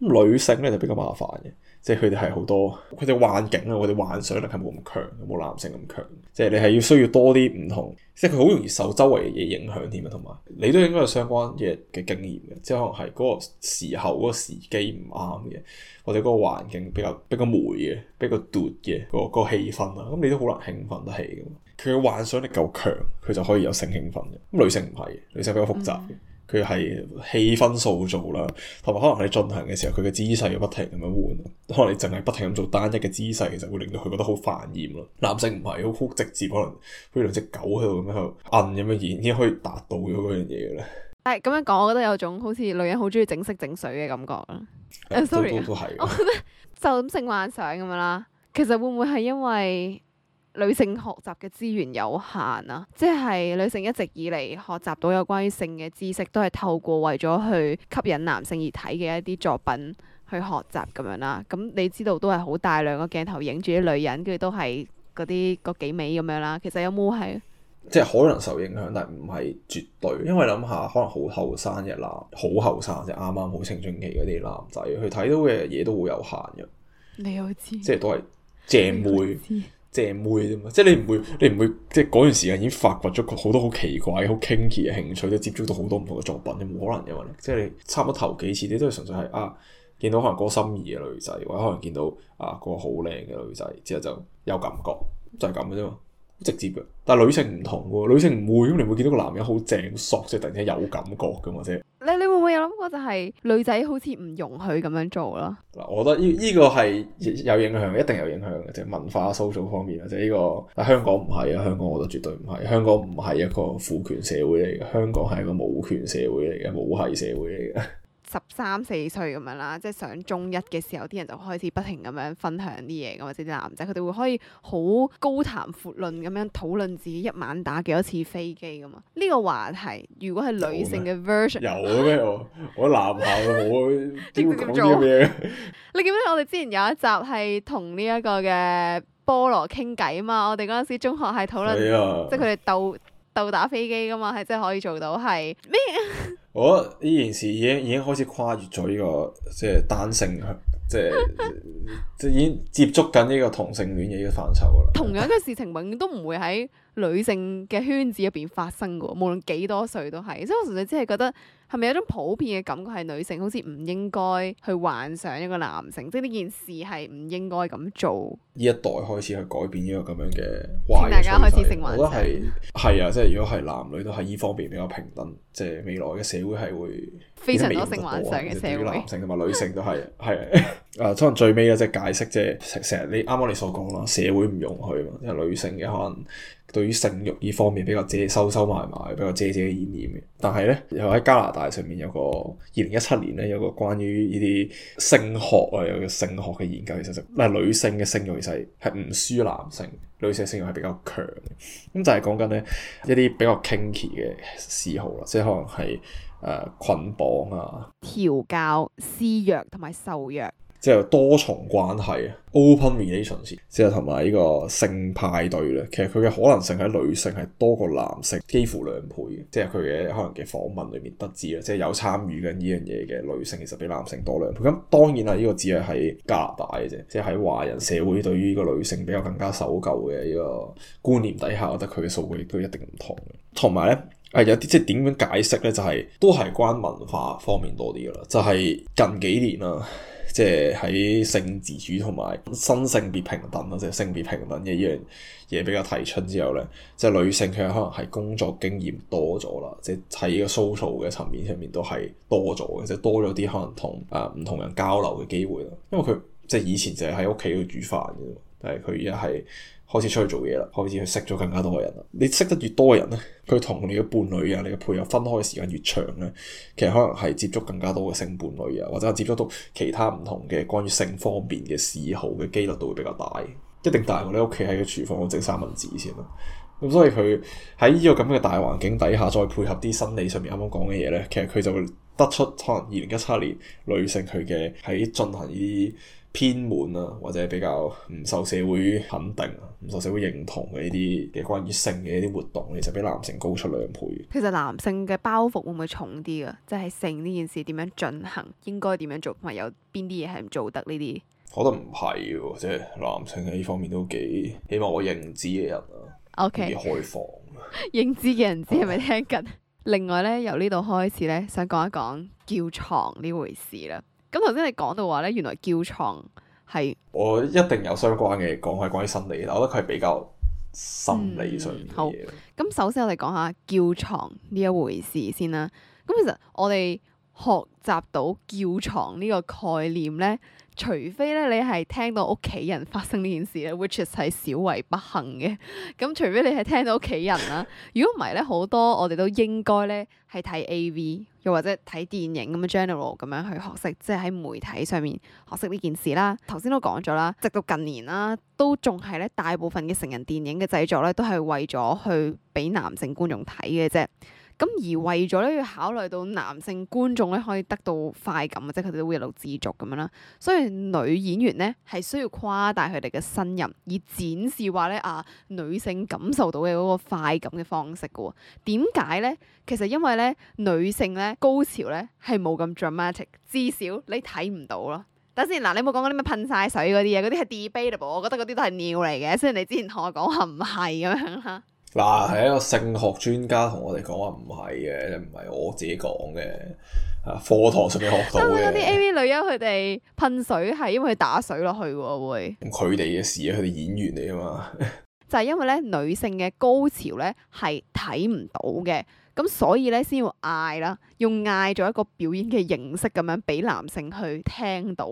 咁女性咧就比較麻煩嘅。即係佢哋係好多，佢哋幻境啊，佢哋幻想力係冇咁強，冇男性咁強。即係你係要需要多啲唔同，即係佢好容易受周圍嘅嘢影響添啊。同埋你都應該有相關嘢嘅經驗嘅，即係可能係嗰個時候嗰、那個時機唔啱嘅，或者嗰個環境比較比較悶嘅，比較奪嘅、那個、那個氣氛啊，咁你都好難興奮得起。佢嘅幻想力夠強，佢就可以有性興奮嘅。咁女性唔係，女性比較複雜。嗯佢係氣氛塑造啦，同埋可能你進行嘅時候，佢嘅姿勢要不停咁樣換，可能你淨係不停咁做單一嘅姿勢，其實會令到佢覺得好煩厭咯。男性唔係好直接，可能譬如兩隻狗喺度咁樣喺度按咁樣，然之後可以達到咗嗰樣嘢咧。
誒咁樣講，我覺得有種好似女人好中意整色整水嘅感覺啦。
誒，sorry，我覺
得就咁性幻想咁樣啦。其實會唔會係因為？女性學習嘅資源有限啊，即係女性一直以嚟學習到有關於性嘅知識，都係透過為咗去吸引男性而睇嘅一啲作品去學習咁樣啦、啊。咁、嗯、你知道都係好大量個鏡頭影住啲女人，跟住都係嗰啲嗰幾美咁樣啦、啊。其實有冇係？
即係可能受影響，但唔係絕對，因為諗下可能好後生嘅男，好後生即係啱啱好青春期嗰啲男仔，佢睇到嘅嘢都會有限嘅。
你好知？
即係都係正妹。正妹啫嘛，即係你唔會，你唔會，即係嗰段時間已經發掘咗個好多好奇怪、好傾奇嘅興趣，即係接觸到好多唔同嘅作品，你冇可能嘅嘛。即係你差唔多頭幾次，你都係純粹係啊，見到可能個心儀嘅女仔，或者可能見到啊個好靚嘅女仔，之後就有感覺，就係咁嘅啫嘛，好直接嘅。但係女性唔同嘅喎，女性唔會咁，你唔會見到個男人好正索，即係突然之間有感覺嘅或者。
有諗過就係女仔好似唔容許咁樣做咯。
嗱，我覺得呢呢個係有影響，一定有影響嘅，即係文化塑造方面啊。即係呢個，但係，香港唔係啊，香港我覺得絕對唔係。香港唔係一個父權社會嚟嘅，香港係一個母權社會嚟嘅，母系社會嚟嘅。
十三四歲咁樣啦，即係上中一嘅時候，啲人就開始不停咁樣分享啲嘢，或者啲男仔佢哋會可以好高談闊論咁樣討論自己一晚打幾多次飛機噶嘛？呢、呢個話題如果係女性嘅 version 有
咩、啊、 <laughs> 我我男校我點解咁做？
<laughs> 你記唔記得我哋之前有一集係同呢一個嘅菠蘿傾偈嘛？我哋嗰陣時中學係討論，啊、即係佢哋鬥鬥打飛機噶嘛，係真係可以做到係咩？ <laughs>
我覺得呢件事已經已經開始跨越咗呢、這個即係、呃、單性，即係即係已經接觸緊呢個同性戀嘅呢個範疇噶啦。
同樣嘅事情永遠都唔會喺女性嘅圈子入邊發生噶，無論幾多歲都係。即係我純粹只係覺得。係咪有種普遍嘅感覺係女性好似唔應該去幻想一個男性，即係呢件事係唔應該咁做？
呢一代開始去改變呢個咁樣嘅環境，大家開始性幻想，我覺得係係啊，即係如果係男女都喺呢方面比較平等，即係未來嘅社會係會非常多性幻想嘅社會，男性同埋女性都係係 <laughs> 啊，可能最尾嘅即係解釋，即係成日你啱我哋所講啦，社會唔容許，即係女性嘅可能。對於性欲呢方面比較遮收收埋埋，比較遮遮掩掩嘅。但係咧，又喺加拿大上面有個二零一七年呢，有個關於呢啲性學啊，有個性學嘅研究，其實就係女性嘅性欲其實係唔輸男性，女性性欲係比較強嘅。咁就係講緊呢一啲比較 kinky 嘅嗜好啦，即係可能係誒捆綁啊、
調教私、施虐同埋受虐。
即係多重關係啊，open relations，即係同埋呢個性派對咧。其實佢嘅可能性喺女性係多過男性，幾乎兩倍嘅。即係佢嘅可能嘅訪問裏面得知啦，即係有參與緊呢樣嘢嘅女性，其實比男性多兩倍。咁當然啦，呢個只係喺加拿大嘅啫，即係喺華人社會對於呢個女性比較更加守舊嘅呢個觀念底下，我覺得佢嘅數據亦都一定唔同嘅。同埋咧，係有啲即係點樣解釋咧？就係都係關文化方面多啲噶啦。就係近幾年啦。即係喺性自主同埋新性別平等咯，即係性別平等嘅呢樣嘢比較提出之後咧，即係女性佢可能係工作經驗多咗啦，即係喺個 social 嘅層面上面都係多咗嘅，即係多咗啲可能同啊唔同人交流嘅機會咯。因為佢即係以前就係喺屋企度煮飯嘅，但係佢而家係。開始出去做嘢啦，開始去識咗更加多嘅人啦。你識得越多嘅人咧，佢同你嘅伴侶啊、你嘅配偶分開嘅時間越長咧，其實可能係接觸更加多嘅性伴侶啊，或者係接觸到其他唔同嘅關於性方面嘅嗜好嘅機率都會比較大，一定大過你屋企喺個廚房度整三文治先啦。咁所以佢喺呢個咁嘅大環境底下，再配合啲生理上面啱啱講嘅嘢咧，其實佢就會得出可能二零一七年女性佢嘅喺進行呢啲。偏門啊，或者比較唔受社會肯定、啊、唔受社會認同嘅呢啲嘅關於性嘅一啲活動，其實比男性高出兩倍。
其實男性嘅包袱會唔會重啲噶？即係性呢件事點樣進行，應該點樣做，同埋有邊啲嘢係唔做得呢啲？
我覺得唔係喎，即係男性喺呢方面都幾，起碼我認知嘅人啊，幾 Okay. 開放。
<laughs> 認知嘅人知係咪 <laughs> 聽緊？ <laughs> 另外咧，由呢度開始咧，想講一講叫床呢回事啦。咁頭先你講到話咧，原來叫床係
我一定有相關嘅講，係關於心理嘅，我覺得佢係比較心理上、嗯、好，
咁首先我哋講下叫床呢一回事先啦。咁其實我哋學習到叫床呢個概念咧。除非咧，你係聽到屋企人發生呢件事咧 <laughs> ，which is 係少為不幸嘅。咁 <laughs> 除非你係聽到屋企人啦，如果唔係咧，好多我哋都應該咧係睇 A V 又或者睇電影咁 general 咁樣去學識，即係喺媒體上面學識呢件事啦。頭先都講咗啦，直到近年啦，都仲係咧大部分嘅成人電影嘅製作咧，都係為咗去俾男性觀眾睇嘅啫。咁而為咗咧，要考慮到男性觀眾咧可以得到快感，即係佢哋都會一路自慾咁樣啦。所以女演員咧係需要誇大佢哋嘅呻吟，以展示話咧啊女性感受到嘅嗰個快感嘅方式嘅喎。點解咧？其實因為咧女性咧高潮咧係冇咁 dramatic，至少你睇唔到咯。等先嗱，你冇講嗰啲咩噴晒水嗰啲啊，嗰啲係 debatable，我覺得嗰啲都係尿嚟嘅。雖然你之前同我講話唔係咁樣啦。
嗱，係、啊、一個性學專家同我哋講話唔係嘅，唔係我自己講嘅，啊課堂上面學生，嘅、 <laughs> 嗯。都嗰啲 A.V.
女優佢哋噴水係因為佢打水落去會。
佢哋嘅事啊，佢哋演員嚟啊嘛。
<laughs> 就係因為咧女性嘅高潮咧係睇唔到嘅，咁所以咧先要嗌啦，用嗌做一個表演嘅形式咁樣俾男性去聽到。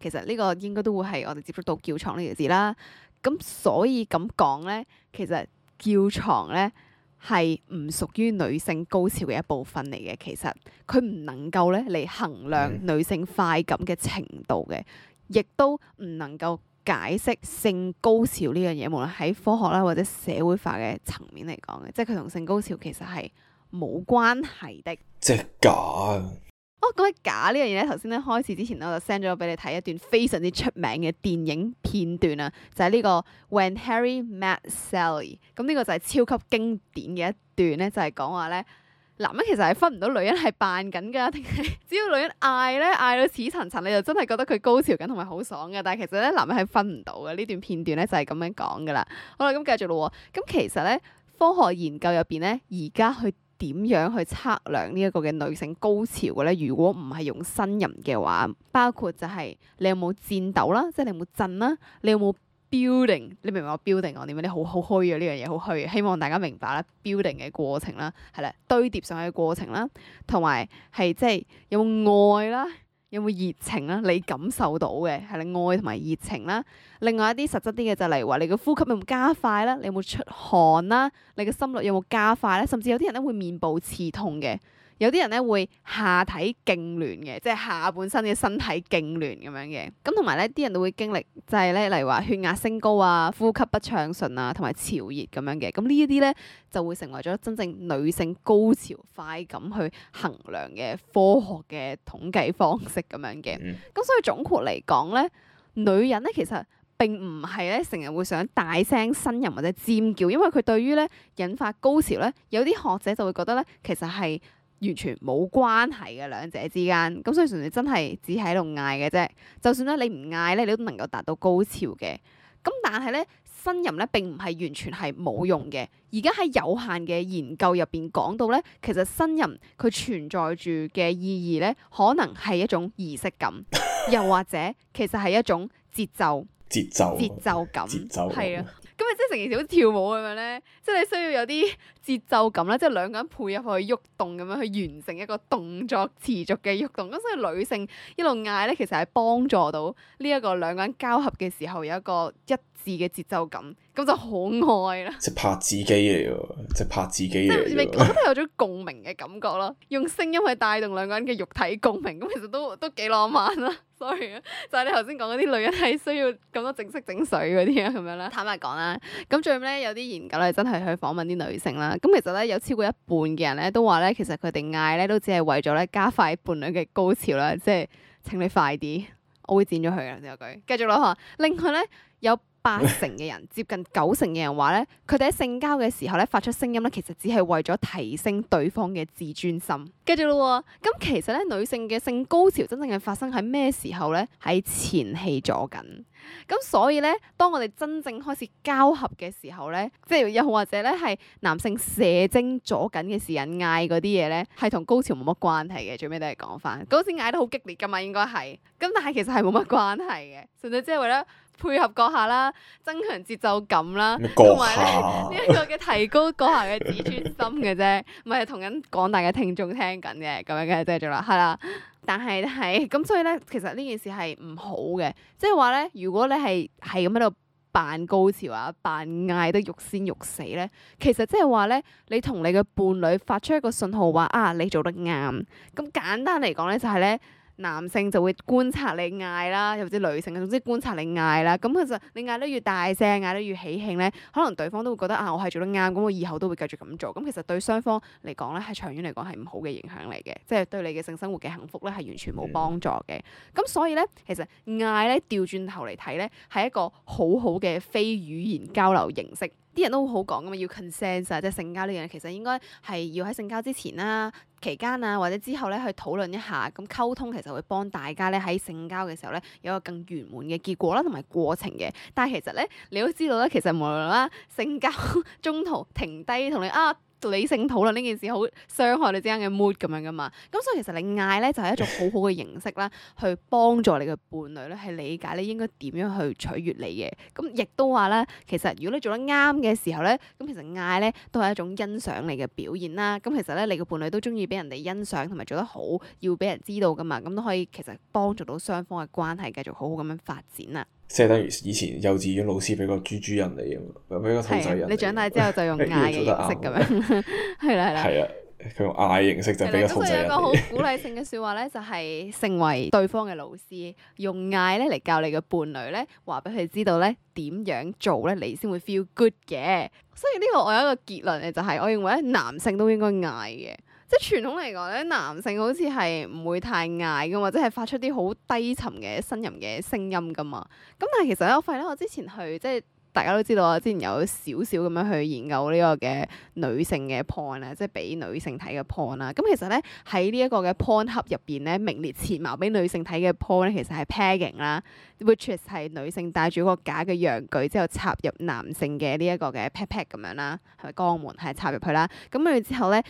其實呢個應該都會係我哋接觸到叫床呢件事啦。咁所以咁講咧，其實。叫床咧係唔屬於女性高潮嘅一部分嚟嘅，其實佢唔能夠咧嚟衡量女性快感嘅程度嘅，亦都唔能夠解釋性高潮呢樣嘢，無論喺科學啦或者社會化嘅層面嚟講嘅，即係佢同性高潮其實係冇關係的。
即係假。
不過講起假呢樣嘢咧，頭先咧開始之前咧，我就 send 咗俾你睇一段非常之出名嘅電影片段啊，就係、是、呢個 When Harry Met Sally。咁呢個就係超級經典嘅一段咧，就係講話咧，男人其實係分唔到女人係扮緊噶，定係只要女人嗌咧嗌到似層層，你就真係覺得佢高潮緊同埋好爽噶。但係其實咧，男人係分唔到嘅呢段片段咧，就係、是、咁樣講噶啦。好啦，咁、嗯、繼續咯。咁、嗯、其實咧，科學研究入邊咧，而家去。點樣去測量呢一個嘅女性高潮嘅咧？如果唔係用呻吟嘅話，包括就係你有冇戰鬥啦，即係你有冇震啦，你有冇 building？你明唔明我 building 我點解？你好好虛啊，呢樣嘢好虛，希望大家明白啦，building 嘅過程啦，係啦，堆疊上去嘅過程啦，同埋係即係有冇愛啦。有冇熱情咧？你感受到嘅係你愛同埋熱情啦。另外一啲實質啲嘅就係例如話，你嘅呼吸有冇加快咧？你有冇出汗啦？你嘅心率有冇加快咧？甚至有啲人咧會面部刺痛嘅。有啲人咧會下體痙攣嘅，即係下半身嘅身體痙攣咁樣嘅。咁同埋咧，啲人都會經歷，就係咧，例如話血壓升高啊、呼吸不暢順啊、同埋潮熱咁樣嘅。咁呢一啲咧就會成為咗真正女性高潮快感去衡量嘅科學嘅統計方式咁樣嘅。咁、嗯、所以總括嚟講咧，女人咧其實並唔係咧成日會想大聲呻吟或者尖叫，因為佢對於咧引發高潮咧，有啲學者就會覺得咧其實係完全冇關係嘅兩者之間，咁所以純粹真係只喺度嗌嘅啫。就算咧你唔嗌咧，你都能夠達到高潮嘅。咁但係咧，呻吟咧並唔係完全係冇用嘅。而家喺有限嘅研究入邊講到咧，其實呻吟佢存在住嘅意義咧，可能係一種儀式感， <laughs> 又或者其實係一種節奏、
節奏、節奏感，係啊。節奏
咁咪即係成件事好似跳舞咁樣咧，即係你需要有啲節奏感啦，即係兩個人配合去喐動咁樣去完成一個動作持續嘅喐動。咁所以女性一路嗌咧，其實係幫助到呢一個兩個人交合嘅時候有一個一致嘅節奏感，咁就好愛啦。
即係拍子機嚟喎， <laughs> 即係拍子機嚟喎。即係
有種共鳴嘅感覺咯，用聲音去帶動兩個人嘅肉體共鳴，咁其實都都幾浪漫啦。sorry 啊，就係你頭先講嗰啲女人係需要咁多整色整水嗰啲啊，咁樣咧，坦白講啦，咁最後咧有啲研究咧真係去訪問啲女性啦，咁其實咧有超過一半嘅人咧都話咧，其實佢哋嗌咧都只係為咗咧加快伴侶嘅高潮啦，即係請你快啲，我會剪咗佢啊呢句，繼續啦嚇，另外咧有。八成嘅人，接近九成嘅人話咧，佢哋喺性交嘅時候咧，發出聲音咧，其實只係為咗提升對方嘅自尊心。跟住咯喎，咁其實咧，女性嘅性高潮真正係發生喺咩時候咧？喺前戲咗緊，咁所以咧，當我哋真正開始交合嘅時候咧，即係又或者咧係男性射精咗緊嘅時，忍嗌嗰啲嘢咧，係同高潮冇乜關係嘅，最尾都係講翻，嗰陣時嗌得好激烈㗎嘛，應該係，咁但係其實係冇乜關係嘅，純粹即係為咗。配合閣下啦，增強節奏感啦，同埋咧呢一個嘅提高閣下嘅自尊心嘅啫，唔係同緊廣大嘅聽眾聽緊嘅咁樣嘅繼續啦，係啦。但係係咁，所以咧，其實呢件事係唔好嘅，即係話咧，如果你係係咁喺度扮高潮啊，扮嗌得欲仙欲死咧，其實即係話咧，你同你嘅伴侶發出一個信號話啊，你做得啱。咁簡單嚟講咧就係咧。男性就會觀察你嗌啦，又或者女性，總之觀察你嗌啦。咁其實你嗌得越大聲，嗌得越喜慶咧，可能對方都會覺得啊，我係做得啱，咁我以後都會繼續咁做。咁其實對雙方嚟講咧，係長遠嚟講係唔好嘅影響嚟嘅，即係對你嘅性生活嘅幸福咧係完全冇幫助嘅。咁所以咧，其實嗌咧調轉頭嚟睇咧，係一個好好嘅非語言交流形式。啲人都會好講噶嘛，要 consent 啊，即係性交呢樣嘢其實應該係要喺性交之前啦、期間啊或者之後咧去討論一下，咁溝通其實會幫大家咧喺性交嘅時候咧有一個更圓滿嘅結果啦同埋過程嘅。但係其實咧，你都知道啦，其實無啦啦性交 <laughs> 中途停低同你啊～理性討論呢件事好傷害你之間嘅 mood 咁樣噶嘛，咁所以其實你嗌咧就係一種好好嘅形式啦， <laughs> 去幫助你嘅伴侶咧去理解你應該點樣去取悅你嘅，咁亦都話咧，其實如果你做得啱嘅時候咧，咁其實嗌咧都係一種欣賞你嘅表現啦，咁其實咧你嘅伴侶都中意俾人哋欣賞同埋做得好要俾人知道噶嘛，咁都可以其實幫助到雙方嘅關係繼續好好咁樣發展啦。
即係等於以前幼稚園老師俾個豬豬人你咁，俾個兔仔人。你長大之後就用嗌嘅形式咁樣，
係啦係啦。係
啊，佢用嗌形式就比較實際啲。咁我有個好鼓勵
性嘅說話咧、就係， <laughs> 就係成為對方嘅老師，用嗌咧嚟教你嘅伴侶咧，話俾佢知道咧點樣做咧，你先會 feel good 嘅。所以呢個我有一個結論嘅、就係，就係我認為咧男性都應該嗌嘅。 <laughs> 即係傳統嚟講咧，男性好似係唔會太嗌噶嘛，即係發出啲好低沉嘅呻吟嘅聲音噶嘛。咁但係其實咧，我發現我之前去即係。大家都知道啊，之前有少少咁樣去研究呢個嘅女性嘅 porn 啊，即係俾女性睇嘅 porn 啦。咁其實咧，喺呢一個嘅 porn 盒入邊咧，名列前茅俾女性睇嘅 porn 咧，其實係 pegging 啦，which is 係女性戴住一個假嘅陽具之後插入男性嘅呢一個嘅 pet pet 咁樣啦，係咪肛門係插入去啦？咁跟住之後咧，呢、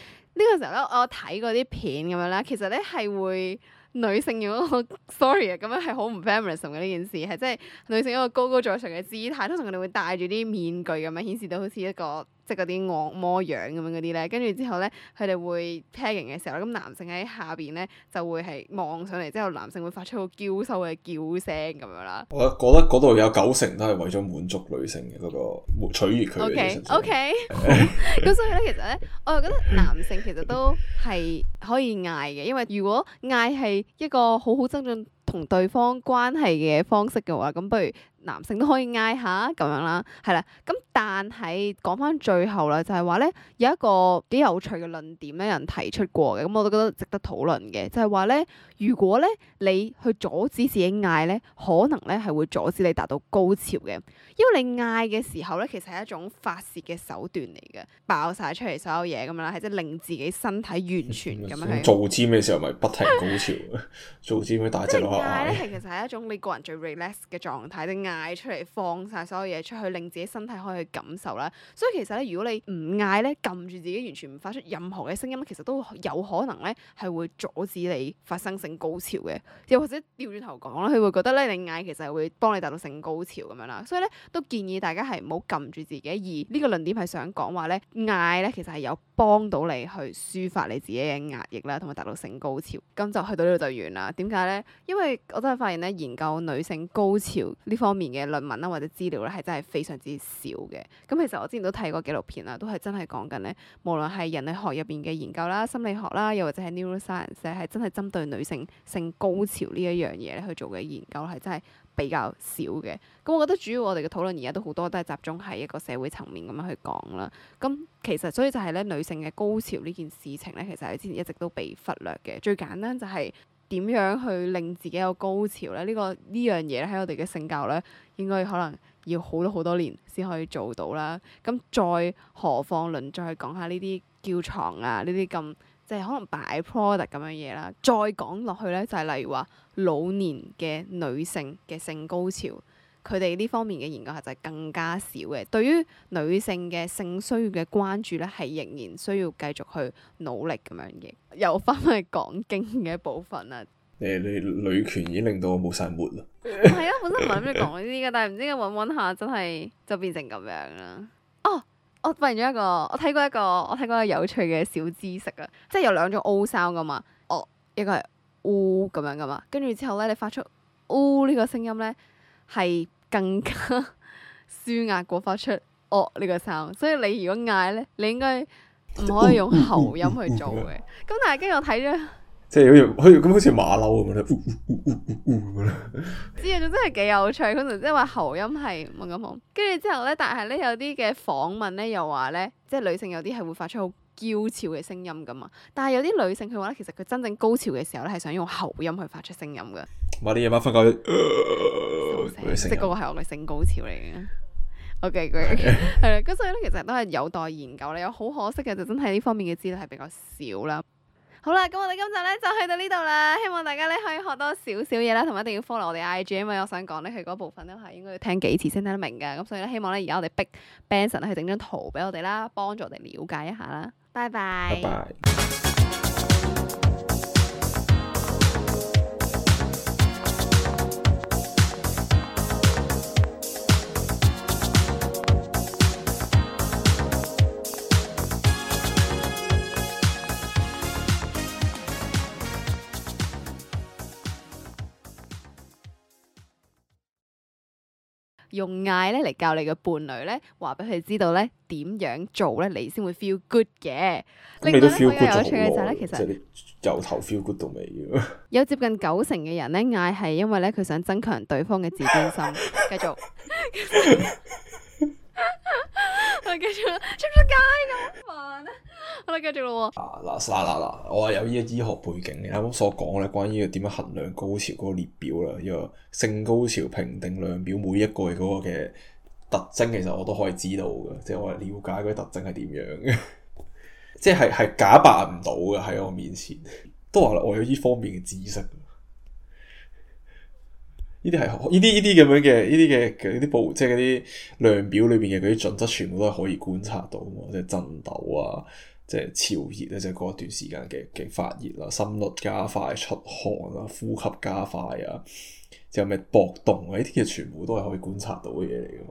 這個時候咧，我睇嗰啲片咁樣啦，其實咧係會。女性嗰個，sorry 啊，咁樣係好唔 feminism 嘅呢件事，係即係女性一個高高在上嘅姿態，通常佢哋會戴住啲面具咁樣顯示到好似一個。即係嗰啲惡魔樣咁樣嗰啲咧，跟住之後咧，佢哋會 pairing 嘅時候，咁男性喺下邊咧就會係望上嚟，之後男性會發出好嬌羞嘅叫聲咁樣啦。我
覺得嗰度有九成都係為咗滿足女性嘅嗰個取悅佢。O K O K。咁
所以咧，其實咧，我覺得男性其實都係可以嗌嘅，因為如果嗌係一個好好增進同對方關係嘅方式嘅話，咁不如。男性都可以嗌下咁樣啦，係啦。咁但係講翻最後啦，就係話咧有一個幾有趣嘅論點咧，人提出過嘅，咁我都覺得值得討論嘅，就係話咧，如果咧你去阻止自己嗌咧，可能咧係會阻止你達到高潮嘅，因為你嗌嘅時候咧，其實係一種發洩嘅手段嚟嘅，爆晒出嚟所有嘢咁樣啦，係即係令自己身
體完全咁樣。做止嘅時候咪不，不停高潮，的做止咪大隻落下嗌。呢
其實係一種你個人最 relax 嘅狀態啲嗌。 <laughs> 嗌出嚟，放晒所有嘢出去，令自己身體可以去感受啦。所以其實咧，如果你唔嗌咧，撳住自己完全唔發出任何嘅聲音咧，其實都有可能咧係會阻止你發生性高潮嘅。又或者調轉頭講啦，佢會覺得咧你嗌其實係會幫你達到性高潮咁樣啦。所以咧都建議大家係唔好撳住自己，而呢個論點係想講話咧嗌咧其實係有幫到你去抒發你自己嘅壓抑啦，同埋達到性高潮。咁就去到呢度就完啦。點解咧？因為我真係發現咧研究女性高潮呢方面，嘅論文啦，或者資料咧，係真係非常之少嘅。咁其實我之前都睇過紀錄片啦，都係真係講緊咧，無論係人類學入邊嘅研究啦、心理學啦，又或者係 neuroscience，係真係針對女性性高潮呢一樣嘢咧去做嘅研究，係真係比較少嘅。咁我覺得主要我哋嘅討論而家都好多都係集中喺一個社會層面咁樣去講啦。咁其實所以就係咧，女性嘅高潮呢件事情咧，其實係之前一直都被忽略嘅。最簡單就係、是。點樣去令自己有高潮咧？呢、這個呢樣嘢喺我哋嘅性教咧，應該可能要好多好多年先可以做到啦。咁再何況，輪再講下呢啲叫床啊，呢啲咁即係可能擺 product 咁樣嘢啦。再講落去咧，就係、是、例如話老年嘅女性嘅性高潮。佢哋呢方面嘅研究下就係更加少嘅，對於女性嘅性需要嘅關注咧，係仍然需要繼續去努力
咁樣嘅，
又翻去講經嘅一部分啦。
誒、呃，你女權已經令到我冇晒活啦。
係 <laughs> 啊、嗯，本身唔係諗住講呢啲嘅，但係唔知點樣揾揾下，真係就變成咁樣啦。哦，我發現咗一個，我睇過一個，我睇過一個有趣嘅小知識啦，即係有兩種 O 聲噶嘛，哦，一個係 O 咁樣噶嘛，跟住之後咧，你發出 O、哦、呢個聲音咧係更加舒壓過發出哦，呢個聲，所以你如果嗌咧，你應該唔可以用喉音去做嘅。咁但係跟住我睇咗，即
係好似好似咁，好似馬騮咁樣，
知啊，真係幾有趣。佢即係話喉音係唔咁好，跟住之後咧，但係咧有啲嘅訪問咧又話咧，即係女性有啲係會發出好。高潮嘅聲音噶嘛，但係有啲女性佢話咧，其實佢真正高潮嘅時候咧，係想用喉音去發出聲音嘅。
晚啲夜晚瞓覺，即係嗰個係我
嘅性高潮嚟嘅。OK，係啦，咁所以咧，其實都係有待研究啦。有好可惜嘅就真係呢方面嘅資料係比較少啦。好啦，咁我哋今集咧就去到呢度啦。希望大家咧可以學多少少嘢啦，同埋一定要 follow 我哋 IG 因為我想講咧佢嗰部分都係應該聽幾次先聽得明嘅。咁所以咧，希望咧而家我哋逼 Benson 去整張圖俾我哋啦，幫助我哋了解一下啦。拜拜。用嗌咧嚟教你嘅伴侶咧，話俾佢知道咧點樣做咧，你先會 feel good 嘅。另外咧，比較有趣嘅就係咧，其實你
由頭 feel good 到尾，
有接近九成嘅人咧嗌係因為咧佢想增強對方嘅自尊心。 <laughs> 繼續。 <laughs> 我哋繼續，出唔出街咁煩咧？我哋繼續咯。
嗱嗱嗱嗱，我係有依個醫學背景，你啱啱所講咧，關於個點樣衡量高潮嗰個列表啦，一、呢個性高潮評定量表，每一個嗰個嘅特徵，其實我都可以知道嘅，即係我了解嗰啲特徵係點樣嘅， <laughs> 即係係假扮唔到嘅喺我面前，都話我有呢方面嘅知識。呢啲係，呢啲呢啲咁樣嘅，呢啲嘅呢啲步，即係嗰啲量表裏邊嘅嗰啲準則，全部都係可以觀察到，即係震抖啊，即係潮熱啊，即係嗰一段時間嘅嘅發熱啦、啊，心率加快、出汗啊，呼吸加快啊，之後咩搏動啊，呢啲嘅全部都係可以觀察到嘅嘢嚟嘅。